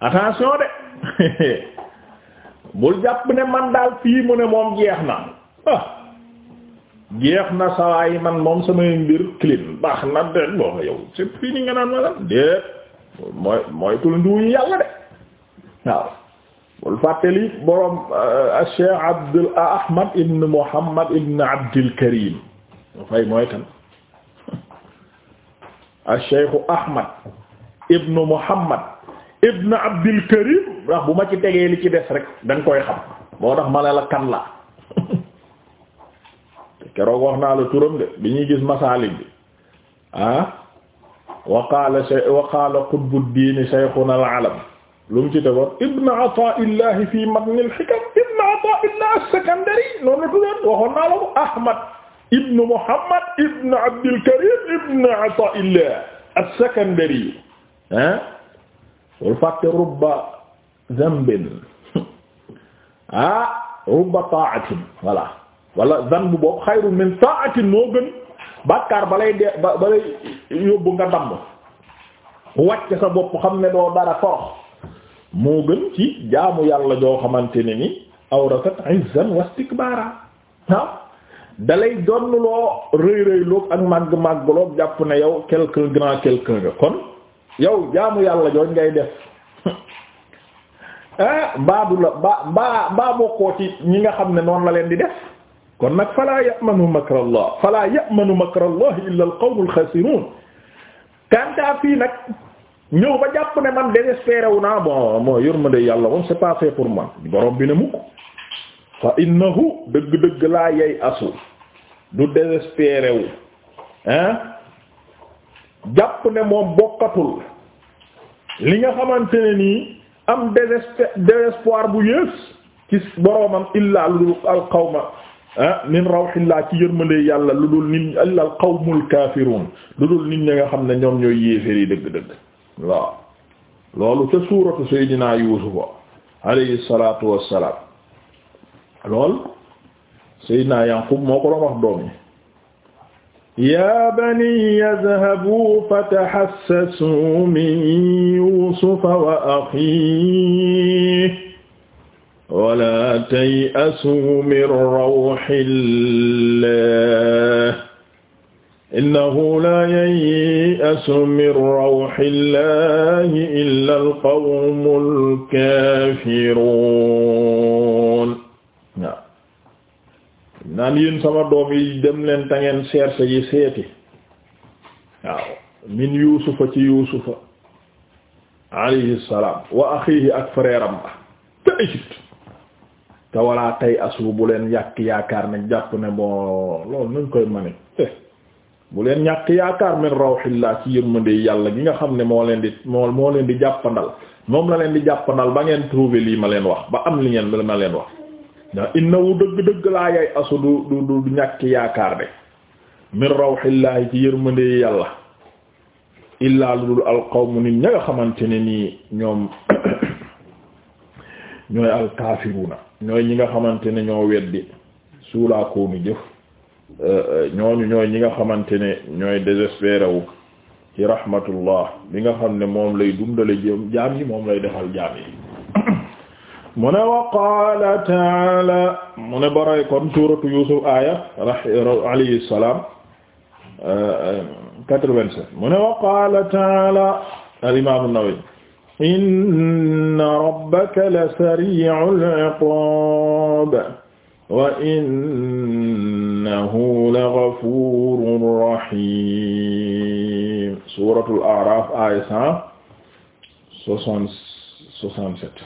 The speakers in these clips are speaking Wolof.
attention de bul jàpp ne man daal fii mu ne moom jeex na ah jeex na saa man moom samay mbir clean baax na de bon yow c'est fini nga naan wala déet mooy mooy tul nduuyu yàlla de waaw bul fàttali borom euh, Cheikh Abdul Ahmad ibn Muhammad ibn Abdul Karim fay mooy kan Cheikh Ahmad ibn Muhammad ibn abdil karim ndax bu ma ci tegee li ci des rek da nga koy xam moo tax ma ne la kan la keroog wax naa la turam de bi ñuy gis masaalik bi ah wa qaala wa qaala naa la ko ahmad ibn muhammad ibn abdil karim ibn ataa'illah as-sakandari ah bul fàtte rubba zambin ah, rubba taatin voilà wala zanb boobu xayru min taatin moo gën bàkkaar balay de balay yóbbu nga damm wàcc sa bopp xam ne doo dara torox moo gën ci jaamu yàlla joo xamante ne ni awratat izzan wastikbara waaw dalay donn loo ak màgg màgg jàpp ne yow quelqu'un grand quelqu'un nga kon yow jaamu yàlla jooñ ngay def ah eh, mbaa la mbaa mbaa mbaa bokkoo ci ñi nga xam ne noonu la leen di def kon nag falaa ya'manu makra allah falaa ya'manu makra allah illa al qawmu al khasirun fii nag ñëw ba jàpp ne man désespéré wu naa bon moo yërmande yàlla moom c'est pas pour man borom bi ne mukk fa innahu dëgg-dëgg laa yey asu du désespéré hein jàpp ne moom bokkatul li nga xamante ne nii am désespoir bu yées ci boroomam illaa lu dul alqawma ah, min rawxillaa ci yërmande yàlla lu dul nit illa al qawmul kaafiruun lu dul nit ñi nga xam ne ñoom ñooy yéeféri dëgg-dëgg waaw loolu ca suuratu seydinaa yuusufa alayhi salaatu wassalaam lool seydinaa yaqub moo ko doon wax doom yi yaa baniya idhabuu fatahassasuu min yuusufa wa akhiihi walaa tay'asuu min rawhillaah innahu laa yay'asu min rawhillaah illal qawmul kaafiruun naan yéen sama doom yi dem leen ta ngeen cherche yi seeti waaw min yuusufa ci yuusufa alayhi salaam wa axiihi ak frère am te Égypte te walaa tay asu bu leen yàq yaakaar ne jàpp ne bon loolu nuñ koy mane bu leen ñàkk yaakaar min rawxillaa ci yërmande yàlla gi nga xam ne moo leen di moo moo leen di jàppandal moom la leen di jàppandal ba ngeen trouver lii ma leen wax ba am li ngeen ma leen wax ndax innahu dëgg-dëgg laa yay asu du du ñàkk yaakaar de min rawxillaahi ci yërmande yàlla illaa lu dul alqawmu nit ña nga xamante ne nii ñoom ñooy alkaafiruuna ñooy ñi nga xamante ne ñoo weddi suulaakoonu jëf euh, euh, ñooñu ñooy ñi nga xamante ne ñooy désespéré wu ci rahmatullah bi nga xam ne moom lay dundale jëm jaam yi moom lay defal jaam yi mu ne wa qaala taala mu ne baray kon suuratu Yuusuf aaya alayhi salaam euh, quatre-vingt-sept mu ne wa qaala taala al-imaam an-Nawawi inna rabbaka la sari'ul iqaab wa innahu la ghafuurun rahiim suuratul A'raaf aaya cent soixante-sept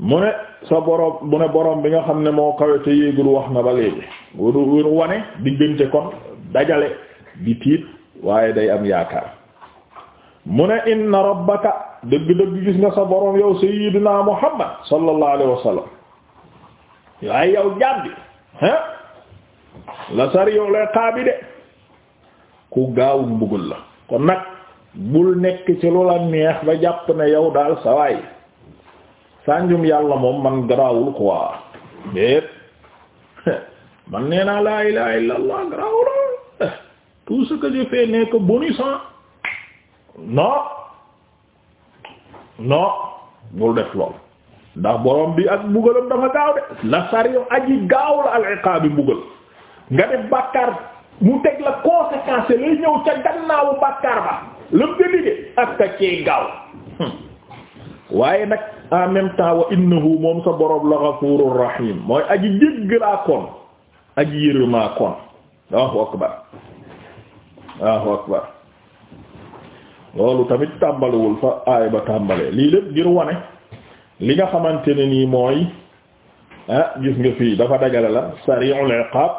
mu ne sa borom mu ne borom bi nga xam ne moo kawe te yéegul wax na ba léegi wuru wuru wane diggante kon dajale di tiit waaye day am yaakaar mu ne inna rabbaka dëgg-dëgg gis nga sa borom yow sayyidina muhammad sallallahu alayhi wa sallam waaye yow jaam bi ah la sari yow lay xaabi de ku gaawul mbugul la kon nag bul nekk ci lu la neex ba jàpp ne yow daal sa sawaay sànjum yàlla moom man garaawul quoi déet man nee naa laa ilaha illa allah garaawul tout ce que je fais n'est que bonus non non def lool ndax borom bi ak mbugalam dafa gaaw de la sariyo aji gaaw la al iqaabi mbugal nga def bàkkaar mu teg la conséquence lay ñëw ca gannaawu bàkkaar ba lëmu nga liggéey ak ta cee gaaw hmm. waaye nag en même temps wa innahu moom sa boroom la ghafurur rahim mooy aji jéggalaa kon aji yërëmaa kon Allahu akbar Allahu akbar loolu tamit tàmbaliwul fa aay ba tàmbalee lii lépp ngir wane li nga xamante ne nii mooy ah gis nga fii dafa dagale la sari'ul iqab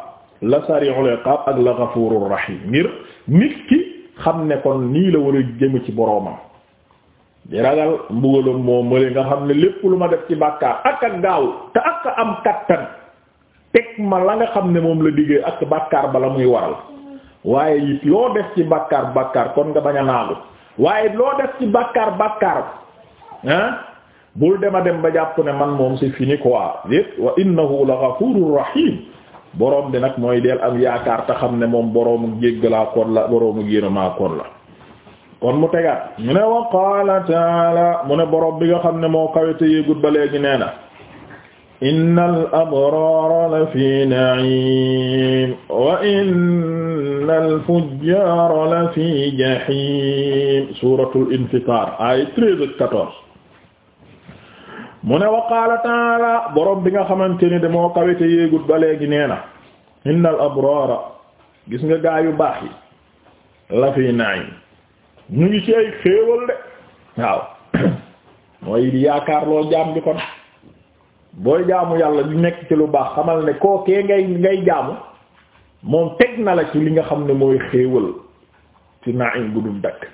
la sari'ul iqab la ghafurur rahim ngir nit ki xam ne kon nii la war a jëm ci boroomam di ragal mbugalam moo mali nga xam ne lépp lu ma def ci bàkkaar ak a gaaw te ak a am kattan teg ma la nga xam ne moom la diggee ak bàkkaar bala muy waral waaye it loo def ci bàkkaar bàkkaar kon nga bañ a naagu waaye loo def ci bàkkaar bàkkaar ah bul dema dem ba jàpp ne man moom si fini quoi wa innahu la ghafurur rahim boroom di nag mooy del am yaakaar te xam ne moom boroomu jéggalaa koon la boroomu yéramaa koon la kon mu tegaat mu ne wa qaala taala mu ne borom bi nga xam ne moo kawete yéegut ba léegi nee na innal abrara la fi na'im wa innal fujjara la fi jahim suratul infitar ay treize ak quatorze mu ne wa qaala taala borom bi nga xamante ni de moo kawete yéegut ba léegi nee na innal abrara gis nga gaa yu baax yi la fi na'im ñu ngi ci ay xéewal de waaw mooy di yaakaar loo jaam bi kon booy jaamu yàlla di nekk ci lu baax xamal ne kookee ngay ngay jaamu moom teg na la ci li nga xam ne mooy xéewal ci naim bu dul dakk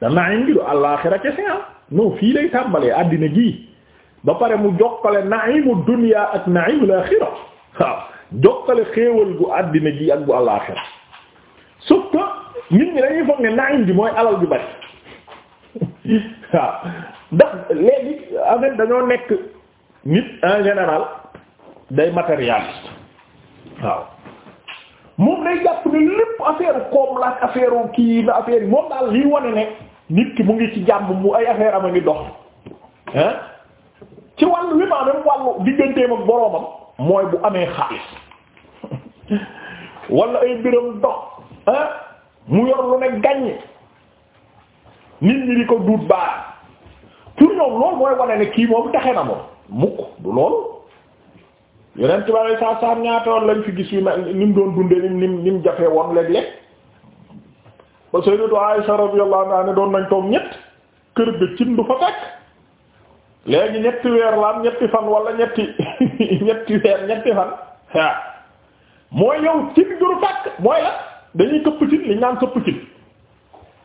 da naim gi du àllaaxira kese am ah. non fii lay tàmbalee àddina gii ba pare mu jokkale naimu dunya ak naimul axira waaw jokkale xéewal gu àddina gi ak bu àllaaxira sauf nit ñi dañuy foog ne naim bi mooy alal ju bari waaw ndax léegi en fait dañoo nekk nit en général day matérialiste waaw moom day jàpp ne lépp affaire koom la ak kii na affaire yi moom daal liy wane ne nit ki mu ngi ci jàmb mu ay affaire am a ngi dox ah ci wàllu wi ma même wàllu digganteem ak boroomam mooy bu amee xaalis wala ay mbiram dox mu yor lu ne gàññ nit ñi di ko duut baax pour ñoom loolu mooy wane ne kii moom taxe na moom mukk du loolu yeneen ci bari saa saa ñaata woon lañ fi gis yu mel ni mu doon dundee ni mu ni mu jafee woon léeg-léeg ba Sayyidatu Aisha radiyallahu anha doon nañ toog ñett kër gi cin du fa fekk léegi ñetti weer la am ñetti fan wala ñetti ñetti weer ñetti fan mooy yow cin du fekk mooy la. dañuy këpp ci li ñu naan këpp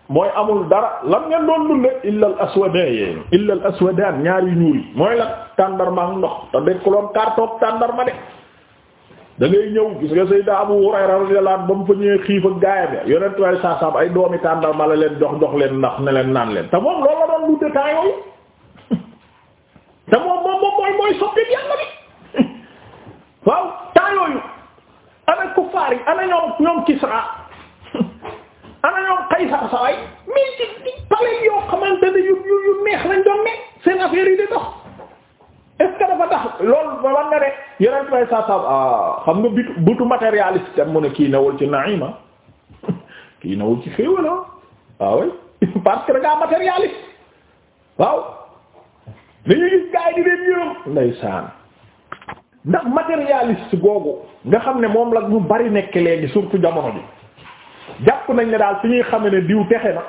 mooy amul dara lan ngeen doon dunde illa al aswadayni illa al aswadan ñaari ñuul mooy lan tàndarma ak ndox te dañ ko doon kaartoog tàndarma de da ñëw gis nga Sayyida Abu Hurayra radiyallahu anhu ba mu fa ñëwee xiif ak gaayam ya yonent saasaam ay doomi tàndarma la leen jox jox leen ndax ne leen naan leen te moom loolu la doon dunde temps yooyu te moom moom moom mooy mooy soppi yàlla waaw temps yooyu ana kuffaar yi ana ñoom ñoom Kisra ana ñoom Kaysar saway mais ci ci yoo xamante ne yu yu neex lañ doon ne seen affaire yi dox est-ce que tax loolu ba war nga ne yeneen may sa xam nga butu butu matérialiste tam mu ne kii newul ci naima kii newul ci xéewal waaw ah. ah parce que da ngaa matérialiste waaw dañuy gis gaay di leen yërëm ndeysaan ndax matérialiste googu nga xam ne moom la ñu bari nekk léegi surtout jamono bi jàpp nañ ne daal fi ñuy xame ne diw texe na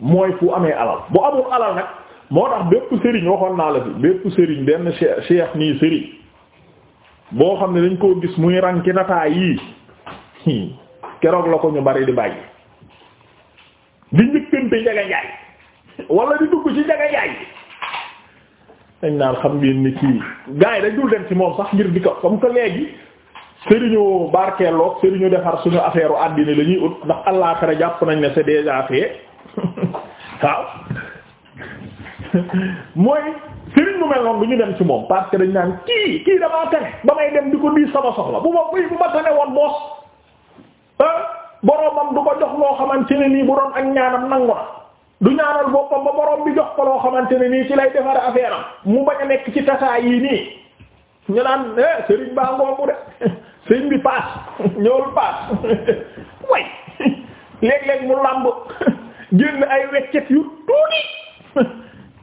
mooy fu amee alal bu amul alal nag moo tax bépp sëriñ waxoon naa la fi bépp sëriñ benn seex nii sëriñ boo xam ne dañ koo gis muy rang ci nataay yii keroog la ko ñu bari di bàyyi di njëkkante njaga njaay di dugg ci njaga dañ naan xam ngeen ni kii gars yi dañ dul dem ci moom sax ngir di ko comme que léegi sëriñu barkeelloog sëriñu defar suñu affaire u lañuy la ñuy ut ndax àllaaxira jàpp nañ ne c'est déjà fait waaw mooy sëriñ mu mel bu ñu dem si moom parce que dañ naan kii kii damaa tane ba may dem di ko diis sama soxla bu ma buy bu ma tane woon boos ah, boromam du ko jox loo xamante ne nii bu ak ñaanam nangu na du ñaanal boppam ba borom bi jox ko loo xamante ne nii ci lay defar affaire mu bañ a nekk ci tasaa yii nii ñu naan eh Serigne Ba ngoobu de sëñ bi paas ñëwul paas way léeg-léeg mu làmb génn ay weccet yu tuuti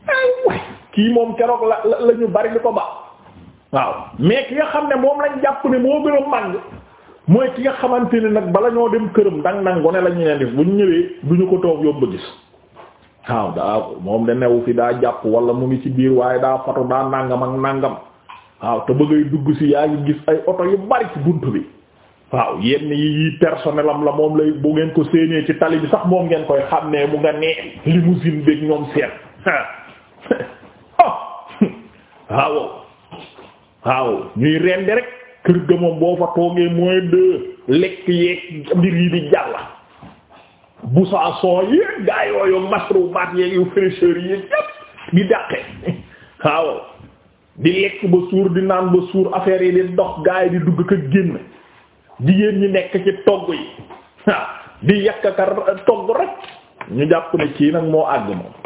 ay way kii moom keroog la la ñu bari li ko ba waaw mais ki nga xam ne moom lañ jàpp ne moo gën a màng mooy ki nga xamante ne nag bala ñoo dem këram dang dang gone la ñu leen def bu ñu ñëwee du ko toog yóbbu gis. waaw daa moom de newu fi daa jàpp wala mu ngi ci biir waaye daa fatu daa nàngam ak nàngam waaw te bëggay dugg ci yaa ngi gis ay oto yu bari ci bunt bi waaw yenn yi yi la moom lay bu ngeen ko séenee ci tali bi sax moom ngeen koy xam ne mu nga nee limousine beeg ñoom seen oh! waaw waaw ñuy rendi rek kër ga moom boo fa toogee mooy de lekk yeeg mbir yi di jàlla busaasoo yéeg gaa yooyu masrubaat yeeg yu fraîcheur yéeg yépp di dàqe waaw di lekk ba suur di naan ba suur affaire yi di ndox gaa di dugg ka génn jigéen ñi nekk ci togg yi waaw di yàq ka togg rek ñu jàpp ne kii nag moo àgg moom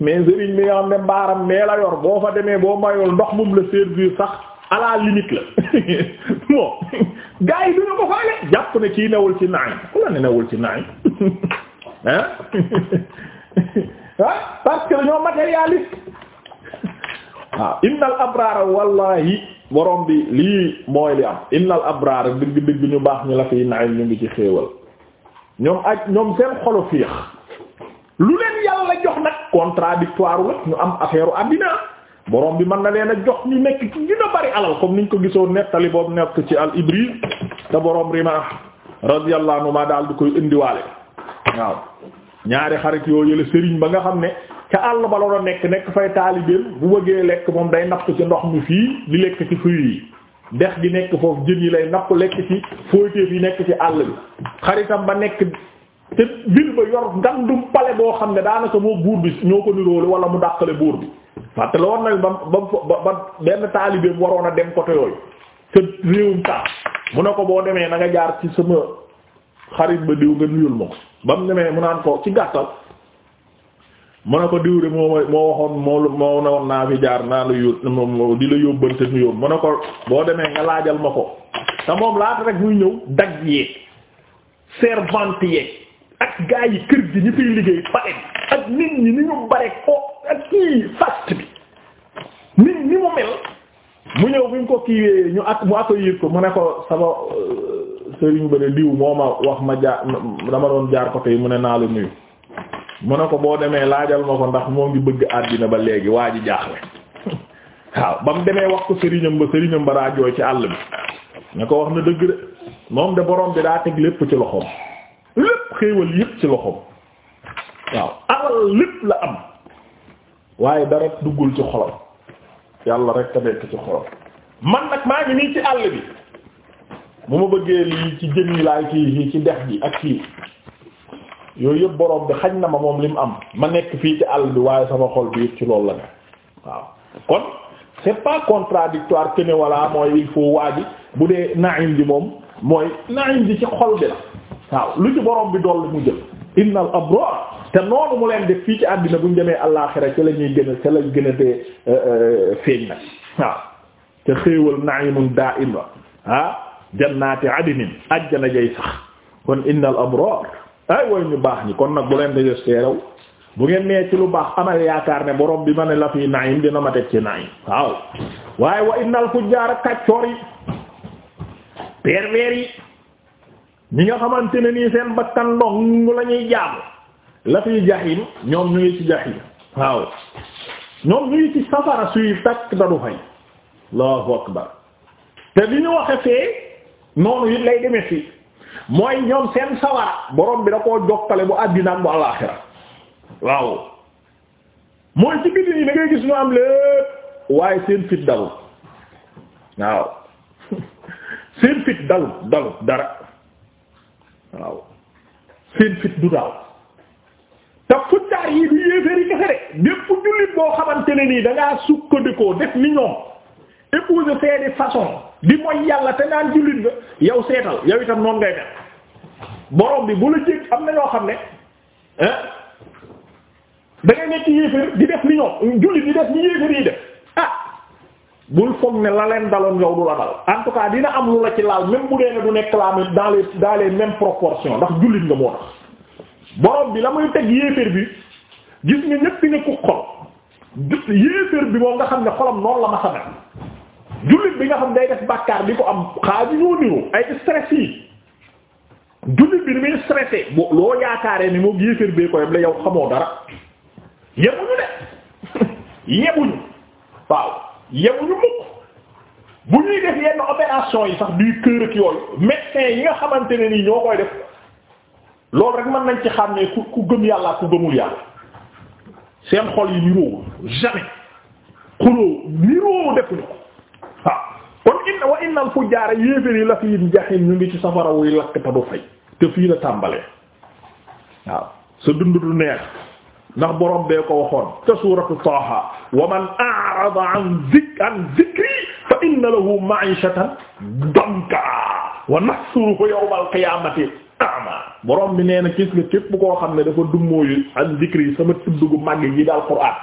mais sëriñ mi nga xam ne mbaaram nee la yor boo fa demee boo mayul ndox mum la servir sax à la la bon gars yi du ñu ko faale jàpp ne kii newul ci naay ku la ne newul ci naay ah ah parce que dañoo matérialiste waaw ah, innal abraara wallahi borom bi lii mooy li am innal abraara digg digg ñu baax ñu la fiy naay ñu ngi ci xéewal ñoom ak ñoom seen xolu lu leen yàlla jox nag contradictoire la ñu am affaire u àddina borom bi man na leen a jox ñu nekk ci gën a bari alal comme niñ ko gisoo nettali boobu nekk ci al Ibriz te borom Rimaah radiyallahu anhu ma daal di koy indiwaale waaw ñaari xarit yoo la sëriñ ba nga xam ne ca àll ba la nekk nekk fay taalibeem bu bëggee lekk moom day napp ci ndox mi fii di lekk ci fruits yi dex gi nekk foofu jën yi lay napp lekk ci fooyteef yi nekk ci àll bi xaritam ba nekk te ville ba yor ngandum pale boo xam ne daanaka moo buur bi ñoo ko niroole wala mu dàqale buur bi parce que loolu nag ba ba ba benn taalibeem waroon a dem côté yooyu te réewum tax mu ne ko boo demee na nga jaar ci sama ba diw nga nuyul ma ko naan ko ci gàttal mu ne ko diw de moo moo jaar naa di la yóbbante nuyoo mu ko boo demee nga laajal ma ko te moom laata rek muy ñëw dagg yeeg ak gaa yi kër gi ñu fiy liggéey pare bi ak nit ñi ni ñu bare ko ak kii fast bi nit ni mu mel mu ñëw bi ñu ko kiiwee ñu ak mu accueillir ko mu ne ko sama euh, sëriñ ba de diw moo ma wax ma jaar dama doon jaar ko tey mu ne naa la nuyu mu ne ko boo demee laajal ma ko ndax moo ngi bëgg àddina ba léegi waa ji jaaxle waaw ba mu demee wax ko sëriñam ba sëriñam ba daa ci àll bi ne ko wax na dëgg de moom de boroom bi daa teg lépp ci loxoom lépp xéewal yépp ci loxoom waaw alal lépp la am waaye dara duggul ci xolam yàlla rek te nekk ci xolam man nag maa ngi nii ci àll bi bu ma bëggee lii ci jën yi laay kii ci dex gi ak kii yooyu yëpp boroom bi xañ na ma moom li mu am ma nekk fii ci àll bi waaye sama xol bi yëpp ci loolu la ne waaw kon c'est pas contradictoire que ne voilà mooy il faut waa ji bu dee naim bi moom mooy naim bi ci xol bi la waaw lu ci borom bi dolli mu jël innal abrar te noonu mu leen def fii ci àddina buñ demee àllaaxira ca la ñuy gën a ca lañ euh, euh, feeñ nag waaw te xéewal na'imun daa'im la ah jannaati adnin ajjana jay sax kon innal abrar ay way ñu baax ñi kon nag bu leen dajës seerew bu ngeen nee ci lu baax amal yaakaar ne borom bi ma ne la fi naim dina ma teg ci naim waaw waaye wa innal fujjaara kàccoor yi pervers yi ñi nga xamante ne nii seen bakkan dong la ñuy jaamu la fi jahim ñoom ñu ngi ci jahim waaw ñoom ñu ci safara suy takk da du fay allahu akbar te li ñu waxe fee noonu yi lay demee fii mooy ñoom seen sawara borom bi da koo jokkale bu àddinaak bu alaaxira waaw mooy ci biti yi da gis ñu am lépp waaye seen fit dalul waaw seen fit dalul dalul dara waaw seen fit du daaw te futtaar yi du yéeféer yi kese de bépp jullit boo xamante ne nii da ngaa sukkandikoo def ni ñoom épouser seeni façon di mooy yàlla te naan jullit ba yow seetal yow itam noonu ngay mel borom bi bu la jég am na ñoo xam ne ah nekk yéeféer di def ni ñoom jullit di def ni yéeféer yi def ah bul foog ne la leen daloon yow du la dal en tout cas dina am lu la ci laal même bu dee ne du nekk la même dans les dans les mêmes proportions ndax jullit nga moo tax borom bi la muy teg yéeféer bi gis nga ñépp nga ku xol yéeféer bi moom nga xam ne xolam noonu la ma sa mel jullit bi nga xam day def bàkkaar di ko am xaaju niroo ay stress yi jullit bi ni muy stressé bo loo yaakaaree ni moom yéeféer bee ko yem la yow xamoo dara yebuñu de yebuñu waaw yemuñu mukk bu ñuy def yenn opération yi sax du cœur ak yooyu médecin yi nga xamante ne nii ñoo koy def loolu rek mën nañ ci xam ne ku gëm yàlla ku gëmul yàlla seen xol yi niroo jamais xuloo niroo defuñu ko waaw kon inna wa innal fujjaara yéeféri la fi jaxin ñu ngi ci safara wuy lakk te du fay te fii la tàmbalee waaw sa dund du neex ndax borom bee ko waxoon te suuratu Taaha wa man a'rada an zik an zikri fa inna lahu ma'ishatan danka wa nahshuruhu yawmal qiyaamati a'ma borom bi nee na gis nga képp koo xam ne dafa dummóoyu an zikri sama tudd gu yi daal Qur'aan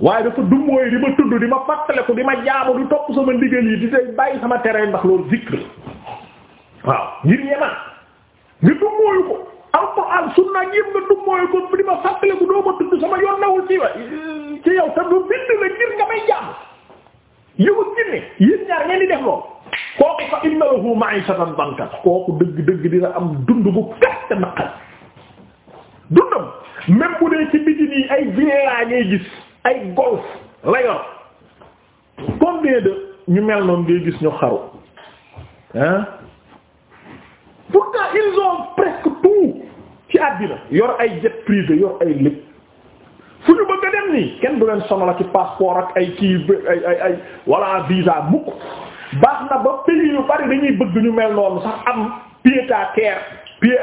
waaye dafa dummóoyu di ma tudd di ma fàttaliku di ma jaamu di topp sama ndigal yi di tey bàyyi sama tere ndax loolu zikr waaw ngir ñema nga dummóoyu ko. alquran sunna yëpp nga dugg mooy ko li ma fàttaliku doo ma tudd sama yoon nawul ci wa ci yow te du bind la ngir nga may jàmm yow ak jinne yéen ñaar ngeen di def loolu kooku fa inna lahu ma'ishatan dankan kooku dëgg dëgg dina am dund bu gàtt naqar dundam même bu dee ci biti nii ay villa ngay gis ay golf la yor combien de ñu mel noonu ngay gis ñu xaru ah pourtant ils ont presque tout ci àddina yor ay jet privé yor ay lépp fu ñu bëgg dem nii kenn du leen sono la ci passeport ak ay kii ay ay ay walla visa mukk baax na ba pays yu bari dañuy bëgg ñu mel noonu sax am pied à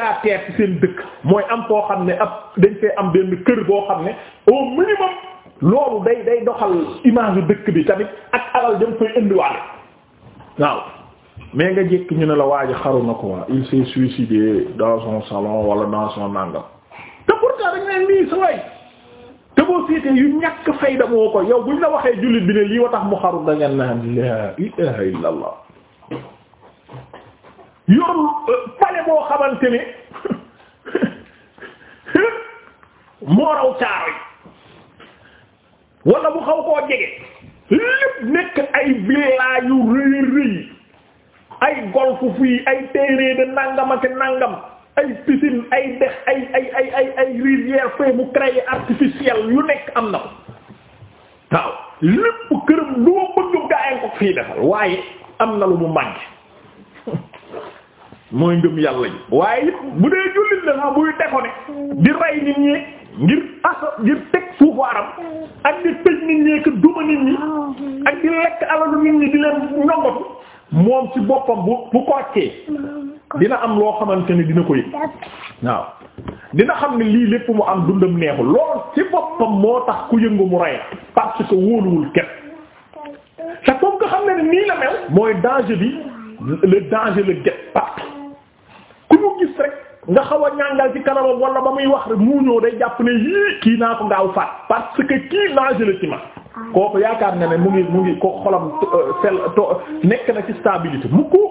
à terre ci seen dëkk mooy am foo xam ne ab dañ fee am benn kër boo xam ne au minimum loolu day day doxal image dëkk bi tamit ak alal dem koy indiwaale waaw mais nga jekk ñu ne la waaj ji xaru na quoi il s'est suicidé dans son salon wala dans son nangam te pourtant dañ leen nii sa way te boo seetee yu ñàkk fayda moo ko yow buñ la waxee jullit bi ne lii wa tax mu xaru da ngeen naan la ilaha illa allah yoru euh, pale boo xamante ne moo raw caaro yi wala bu xaw koo jege lépp nekk ay villa yu rëy rëy ay golf fii ay téere de nangam ak nangam ay piscine ay dex ay ay ay ay ay rivière fee mu créé yu nekk am na ko waaw lépp këram loo bëgg gaayam ko fii defal waaye am na lu mu mànke mooy ngëm yàlla yi waaye it bu dee jullit la sax buy defone di rey nit ñi ngir aso ngir teg suufaaram ak di tëj nit ñi ak duma nit ñi ak di lekk alalu nit ñi di leen ñongatu moom ci boppam bu bu koctee dina am loo xamante ni dina ko yëg waaw dina xam ne lii lépp mu am dundam neexul lool ci boppam moo tax ku yëngu mu rey parce que wóoluwul kenn te comme que xam ne nii la mel mooy danger bi le danger le guet partout ku mu gis rek nga xaw a ñàngal ci kanamam wala ba muy wax rek mu ñëw day jàpp ne yii kii naa ko ngaaw faat parce que kii danger la ci ma kooku yaakaar na ne mu ngi mu ngi ko xolam euh, sel nekk na ci stabilité mu ko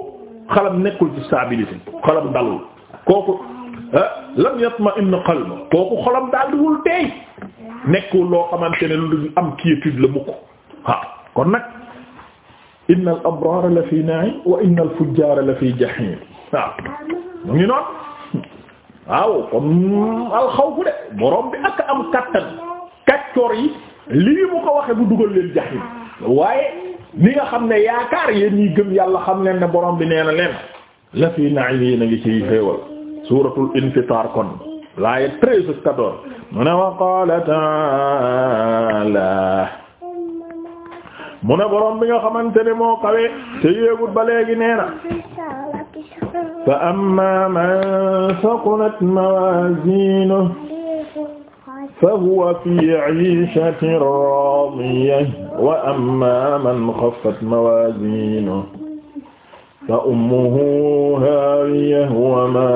xalam nekkul ci stabilité xalam dalul kooku euh, kooku xolam daal diwul teey nekkul loo xamante ne lu am quiétude la mukk waaw kon nag inna al abrara la fi na'im wa inna al fujjara la fi jahim waaw mu ngi noonu waaw kon alxawfu de borom bi ak am kattan kaccoor yi lii mu waxe bu dugal leen jaxim waaye ni nga xam ne yaakaar yéen ñi gëm yàlla xam leen ne borom bi nee na leen la fii naim yi na ngi ciy xéewal suuratul infitar kon laaye treize quatorze mu ne wa qaala taala mu ne borom bi nga xamante ne moo xawee te yéegul ba léegi nee fa amma man saqulat mawazinuhu فهو في عيشة راضية وأما من خفت موازينه فأمه هاوية وما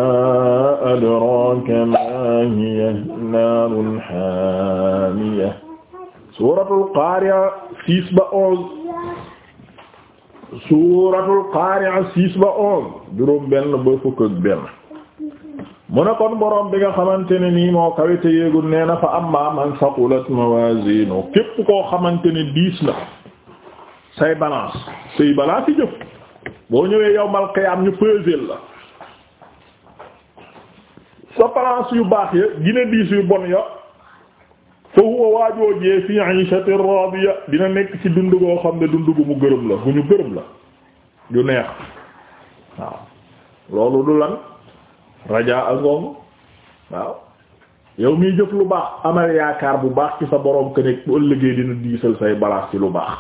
أدراك ما هي نار حامية suuratul qaari'a six ba onze suuratul qaari'a six ba onze juróom benn ba fukk ak benn mu ne kon borom bi nga xamante ne nii moo kawe te yéegul nee na fa amma man saqulat mawazinu képp koo xamante ni diis na say balance say balance yi jëf boo ñëwee yowmal am ñu peseel la sa balance yu baax ya dina diis yu bon ya fa huwa waajoojee fi 'ishatin radiya dina nekk ci dund koo xam ne dund gu mu gërëm la gu ñu gërëm la yu neex waaw loolu du lan rajaa angoom waaw yow miy jëf lu baax amal yaakaar bu baax ci sa borom que ne bu ëllëgee dina diisal say balaas ci lu baax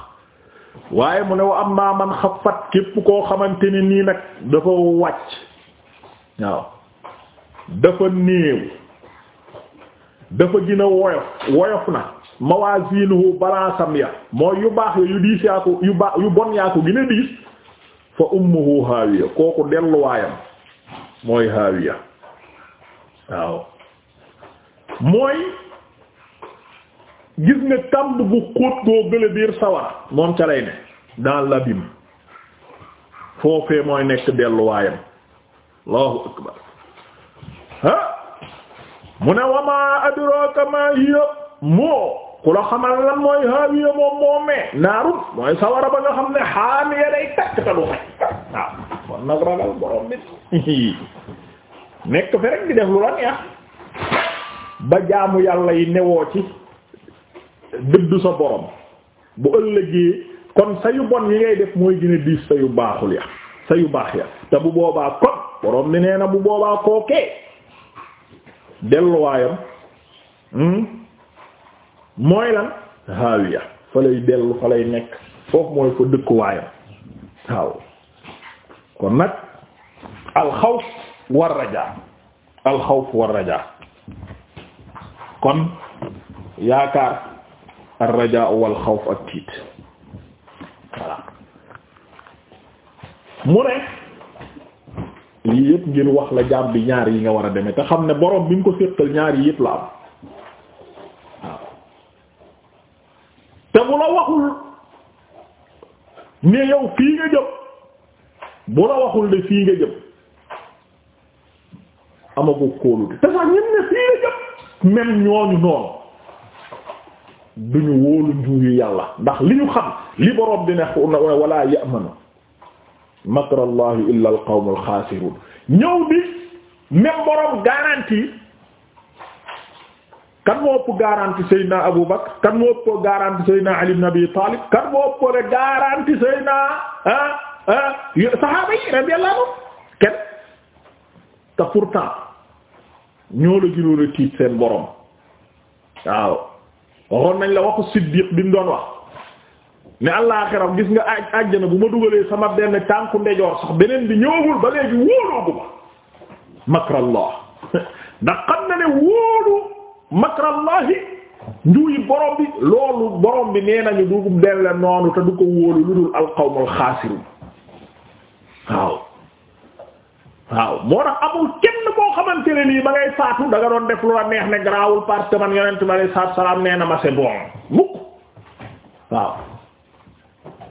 waaye mu ne wa am naa man xafat képp koo xamante ne nii nag dafa wàcc waaw dafa néew dafa gën woyof woyof na mawazinuhu balaasam ya mooy yu baax yu diis yaa ko yu baax yu bon yaa ko gën diis fa ummuhu haawiya kooku delluwaayam mooy haawiya waaw mooy gis nga kàmb bu xóot goo gële biir sawara moom ca lay ne dans l'abîme foofee mooy nekk delluwaayam allahu akbar ha mu ne wama adraka ma hiya moo ku la xamal lan mooy haawiya moom moomee naarul mooy sawara ba nga xam ne haamiya day takk ta du xaj kon nag ragal borom nekk fi rek di def lu la neex ba jaamu yàlla yi newoo ci dëddu sa borom bu ëllëgee kon sayu bon yi ngay def mooy gën a diis sa yu baaxul ya sa baax ya te bu boobaa kon borom bi nee na bu boobaa kookee delluwaayam hmm, mooy lan haawiya fa lay dellu fa lay nekk foofu mooy ko dëkkuwaayam waaw kon nag alxawf war rajaa alxawf war rajaa kon yaakaar ar rajaa wal xawf ak tiit mu ne lii yëpp ngir wax la jaam bi ñaar yi nga war a demee te xam ne borom bi nga ko séqal ñaar yi yëpp la am te bu la waxul ne yow fii nga jëm bu la waxul ne fii nga jëm amagoo kóolute te sax ñun ne fii nga jëm même ñooñu noonu duñu wóolu njuuyu yàlla ndax li ñu xam li borom di ne wala ya'manu makrallahi illa al qawmul xaasirun ñëw bi même borom garantie kan moo ëpp garantie Seydina Abu Bakr kan moo ëpp garantie Seydina Ali ibn Abi Talib kan moo ëpp garantie Seydina ah Ah, saxaaba yi radiyallahu anhum kenn te pourtant ñoo la gënoon a tiit seen borom waaw waxoon nañ la waxu siddiq bi mu doon wax ne àllaaxiram gis nga aj àjjana bu ma dugalee sama benn tànku ndejoor sax beneen bi ñëwul ba léegi wóoloogu ma makrallah ndax xam na ne wóolu makrallahi njuuyi borom bi loolu boroom bi nee nañu dugub delle noonu te du ko wóolu lu dul alqawmul xaasirun waaw waaw moo tax amul kenn koo xamante ne nii ba ngay faatu danga nga doon def lu la neex ne garaawul parce que man yonent bi alayhi salaatu salaam nee na bon mukk waaw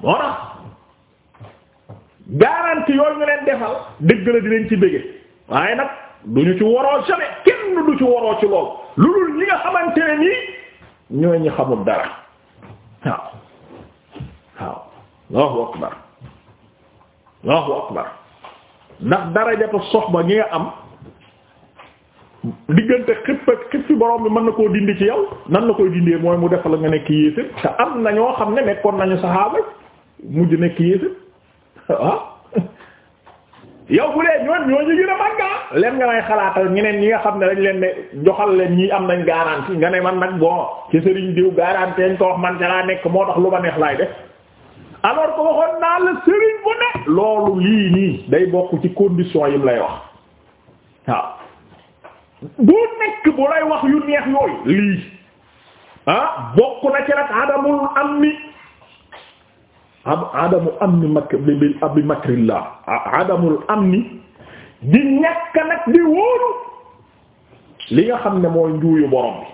moo tax garanti yooyu ñu leen defal dëgg la dinañ ci bëgge waaye nag duñu ci waroo jamais kenn du ci waroo ci lool lu dul ñi nga xamante ne ñooy ñi xamul dara waaw waaw Allahu akbar Allahu akbar ndax darajatu soxba gi nga am diggante xipp ak xippi borom bi mën na koo dind ci yow nan la koy dindee mooy mu defal nga nekk yéeféer te am na ñoo xam ne nekkoon nañu saxaaba mujj nekk yéeféer ah yow bu dee ñoon ñu gën a màggaa ah. leen nga may xalaatal ñeneen ñi nga xam ne dañ leen ne joxal leen ñi am nañ garanti nga ne man nag bon ci sëriñ diw garanti ñu ko wax man ca laa nekk moo tax lu ma neex laay def alors que waxoon naa sëriñ bu ne loolu lii nii day bokk ci condition yim lay wax waaw bu nekk bu lay wax yu neex yooyu lii ah bokk na ci nag adamul am ni am adamu am ni makk bi abi makrillah ah, adamul am ni di ñàkk nag di wóolu li nga xam ne mooy njuuyu borom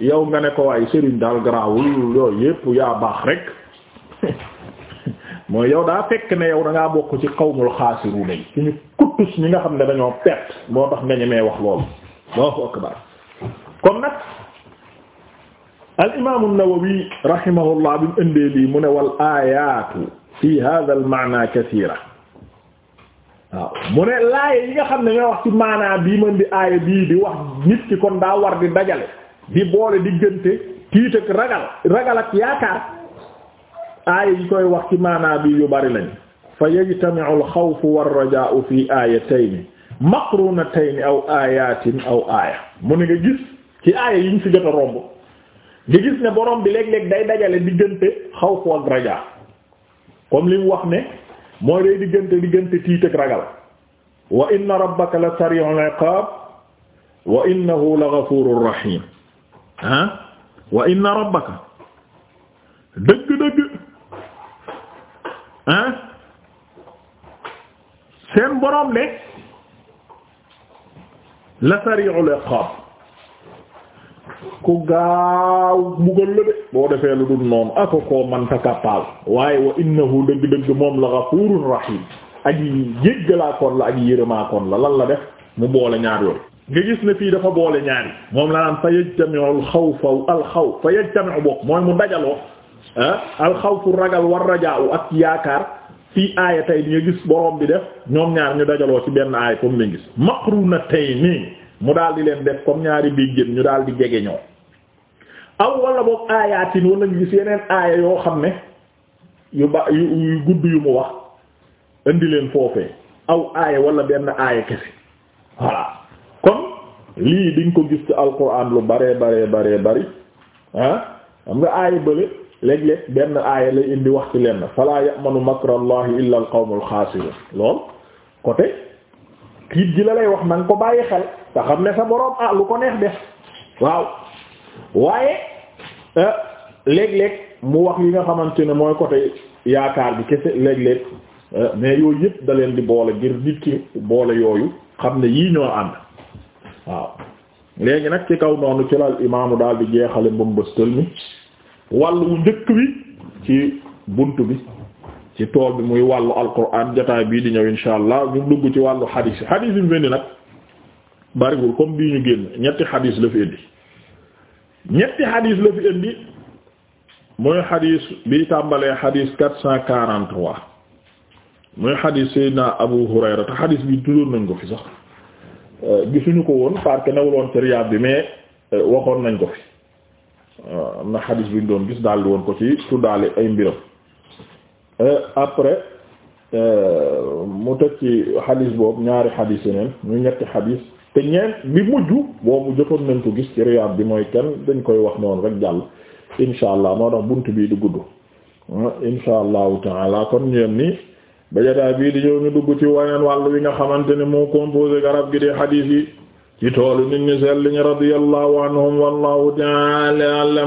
bi yow nga ne ko waaye sëriñ daal garaawul yooyu yépp yaa baax rek mooy yow daa fekk ne yow da ngaa bokk ci xawmul xaasiruna yi suñu kuttus ñi nga xam ne dañoo perte moo tax nga ñemee wax loolu Allahu akbar kon nag al imam an-Nawawi rahimahullah bi mu indee bii mu ne wal ayatu fi hadha al maana waaw mu ne laaye yi nga xam ne ñoo wax ci maanaa bii mën di aaya bii di wax nit ki kon daa war di dajale di boole diggante tiit ak ragal ragal yaakaar aaya yi koy wax ci maanaa bi yu bari lañ fa yajtami'u al-xawfu war-rajaa'u fi aayatayni maqrunatayni aw aayatin aw aaya mu ne nga gis ci aaya yi ñu fi romb nga gis ne borom bi léeg-léeg day dajale diggante xawfu ak rajaa comme li mu wax ne mooy day diggante diggante tiit ak ragal wa inna rabbaka la sari'ul iqaab wa innahu la ghafuurur rahiim ah ah seen boroom ne la sari'ul iqaab ku gaaw mbugal la de boo defee lu dul noonu ako koo manta waaye wa innahu dëgg-dëgg moom la ghafurur rahim aji jéggalaakoon la aji yërëmaakoon la lan la def mu boole ñaar yooyu nga gis ne fii dafa boole ñaari moom la naan fa yajtami'u al xawfa al xaw fa yajtami'u bokk mooy mu dajaloo alxaw ah, alxawfu ragal war rajaaw ak yaakaar fii aaya tey ñu gis borom bi def ñoom ñaar ñu dajaloo ci benn aaya comme na gis nii mu daal di leen def comme ñaari biig jën ñu daal di jege ñoo aw wala boog aayaatin wala ñu gis yeneen aaya yoo xam ne yu ba yu gudd yu mu wax indi leen foofee aw aaya wala benn aaya kese voilà kon lii diñ ko gis ci alquran lu bare bare bare bari ah xam nga aaya bële léeg-léeg benn aaya lay indi wax ci lenn fala ya'manu makrallahi illa al qawmul xaasirun lool côté kiit gi la lay wax na ko bàyyi xel te xam ne sa boroom ah lu ko neex def waaw waaye euh, léeg-léeg mu wax yi nga xamante ne mooy côté yaakaar bi kese léeg-léeg euh, mais yooyu yëpp da leen di boole ngir nit ki boole yooyu xam ne yii ñoo ànd waaw léegi nag ci kaw noonu ci lal imaamu daal di jeexale mbambastal mi wàllu njëkk bi ci bunt bi ci tool bi muy wàllu alquran jotaay bii di ñëw insha allah ñu dugg ci wàllu xadiis yi xadiis yi mu fendi nag bariwul comme bii ñu génn ñetti xadiis la fi indi ñetti xadiis la fi indi muy xadiis bi tàmbalee xadiis quatre cent quarante trois muy xadiis Seydina Abu Hurayra xadiis bi tuddoon nañ ko fi sax euh, gisuñu ko woon parce que newuloon ci Riyad bi mais euh, waxoon nañ ko fi am na xadis bi doon gis daal di woon ko ci tuddaale ay mbiram euh, après euh, mu teg ci xadis boobu ñaari xadis yeneen ñu ñetti xadis te ñeent bi mujj boobu jotoon nañ ko gis ci riyaad bi mooy kenn dañ koy wax noonu rek jàll insha allah moo tax bunt bii di gudd ah, insha allahu taala kon ñeen ni bajataay bii di ñëw ñu dugg ci waneen wàll wi nga xamante ne moo composé garab gi di xadis yi ci toolu nit ñi sell ñi radiyallahu anhum wallahu taala